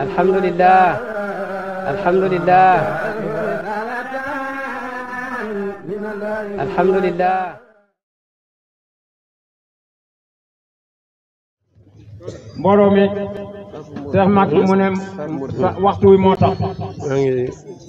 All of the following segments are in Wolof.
alhamdulilah alhamdulilah alhamdulilah mbooloo mi Cheikh Macky mu ne waxtu wi moo tax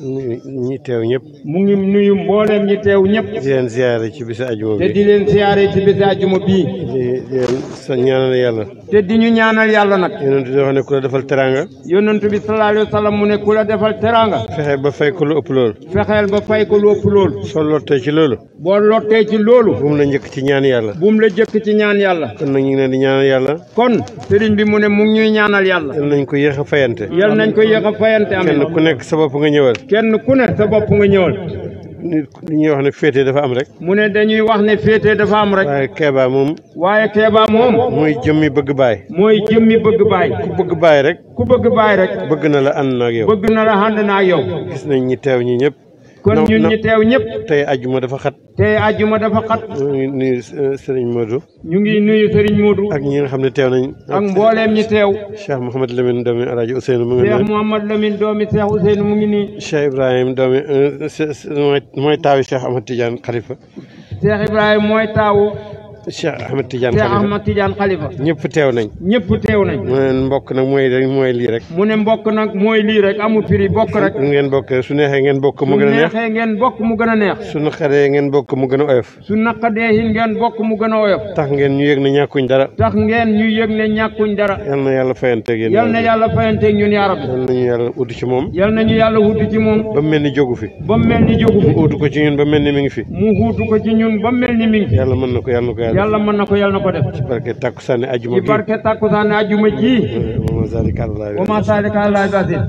ñi teew ñëpp. mu ngi nuyu mbooleem ñi teew ñëpp. di leen ziare ci bisu ajuma bi te di leen ziare ci bisu ajuma bii. di leen sa ñaanal yàlla. te di ñu ñaanal yàlla nag. yonent bi dafa ne defal teraanga. yonent bi sallallahu alayhi wa mu ne ku la defal teraanga. fexeel ba fay ko lu ëpp loolu. fexeel ba fay ko lu ëpp loolu. soo lottee ci loolu. boo lottee ci loolu. bu mu la njëkk ci ñaan yàlla. bu la jëkk ci ñaan yàlla. kon nag ñu ngi leen di ñaanal yàlla. kon sëriñ bi mu ne mu ñu ñaanal yàlla. yal nañ ko yéex a fayante. yal nañ ko yéex a fayante amiin kenn ku nekk sa bopp nga ñëwal kenn ku ne sa bopp nga ñëwal. nit ñuy wax ne féete dafa am rek. mu ne dañuy wax ne féete dafa am rek. waaye Kéba moom. waaye Kéba moom. mooy jëmmi bëgg baay. mooy jëmmi bëgg baay. ku bëgg baay rek. ku bëgg baay rek. bëgg na la ànd na ak bëgg na la ànd na ak yow. gis nañ ñi teew ñi ñëpp. kon ñun ñu teew ñëpp. tey ajjuma dafa xat. tey ajjuma dafa xat. ñu ngi nuyu euh, Serigne Modou. ñu ngi nuyu Serigne Modou. ak ñi xam ne teew nañ. ak mbooleem ñi teew. Cheikh Mouhamed Lamine doomi Alaaji Ousseynou mu ngi nii. Cheikh Mouhamed doomi mu ngi nii. Cheikh Ibrahima doomi mooy taawu Cheikh Ahmad Tidiane Khalifa. Cheikh Ibrahima mooy taawu. Cheikh Ahmed Tidiane Khalifa Cheikh Ahmed Tidiane Khalifa. ñëpp teew nañ. ñëpp teew nañ. mu ne mbokk nag mooy rek mooy lii rek. mu ne mbokk nag mooy lii rek amul firi bokk rek. ngeen bokk su neexee ngeen bokk mu gën a neex su neexee ngeen bokk mu gën a neex. su naqadee ngeen bokk mu gën a oyof. su naqadee yi ngeen bokk mu gën a oyof. tax ngeen ñu yëg ne ñàkkuñ dara. tax ngeen ñu yëg ne ñàkkuñ dara. yal na yàlla fayanteeg yéen. yal na yàlla fayanteeg ñun yaa rabbi. yal nañu yàlla uti ci moom. yal nañu yàlla uti ci moom. ba mel ni jógu fi. ba mel ni jógu fi. mu uutu ko ci ñun ba mel ni mi ngi fi. mu uutu ko ci ñun ba mel ni mi ngi fi. yàlla mën na ko yàlla na ko yàlla mën na ko yàlla na ko def. ci barke takkusaane ajuma ji ci barke takkusaane ajuma ji. wa ma zaalika alallaahi wa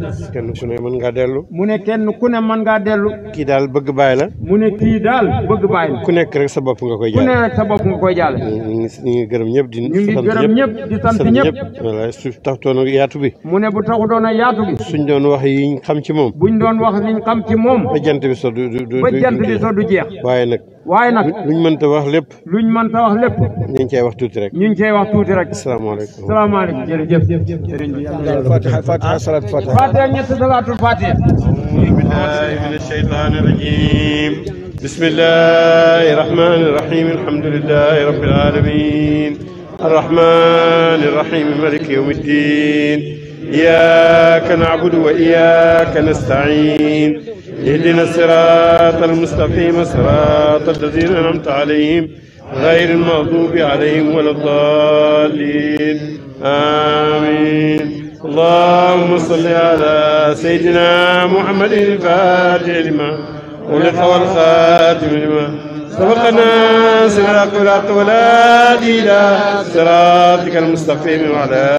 ma ku ne mën ngaa dellu. mu ne kenn ku ne man ngaa dellu. kii daal bëgg baay la. mu ne kii daal bëgg baay la. ku nekk rek sa bopp nga ko jaale. ku nekk rek sa bopp nga koy jaale. ñu ngi gërëm ñëpp di. ñu ngi gërëm ñëpp di sant ñëpp. voilà su taxutoon yaatu bi. mu ne bu taxutoon yaatu bi. suñ doon wax yi xam ci moom. buñ doon wax yi xam ci moom. ba jant bi so du du du jeex waaye nag waaye nag luñ mënta wax lépp luñ mënta wax lépp ñu ngi cey wax tuuti rek ñu ngi cey wax tuuti rek asalaamaaleykum asalaamaaleykum jërëjëf sëriñ bi fatiha fatiha salaatu fatiha fatiha ñett salaatul fatiha billahi minash shaytani rajim bismillahi rahmani rahim alhamdulillahi rabbil alamin arrahmani rahim maliki yawmiddin إياك نعبد وإياك نستعين اهدنا الصراط المستقيم صراط الذين أنعمت عليهم غير المغضوب عليهم ولا الضالين آمين اللهم صل على سيدنا محمد الفاتح لما ولق والخاتم لما سبق لنا صراط الحق ولا إلى صراطك المستقيم وعلى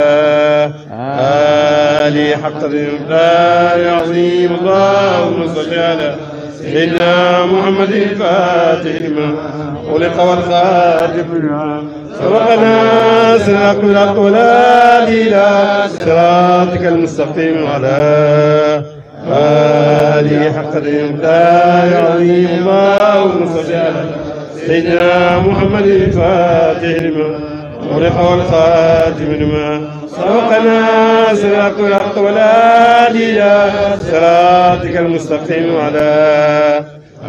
آله حق الإمداد العظيم اللهم صل على سيدنا محمد الفاتح لما خلق والخاتم سبقنا صراط الحق ولا إلى صراطك المستقيم وعلى آله ولي حقد داع عظيما سيدنا محمد الفاتح لما أغلق والخاتم لما سبقنا صراط الحق ولا إلى صراطك المستقيم على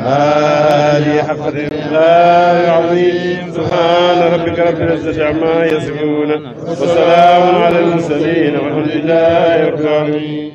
آله حق الله العظيم سبحان ربك رب العزة عما يصفون وسلام على المرسلين والحمد لله رب العالمين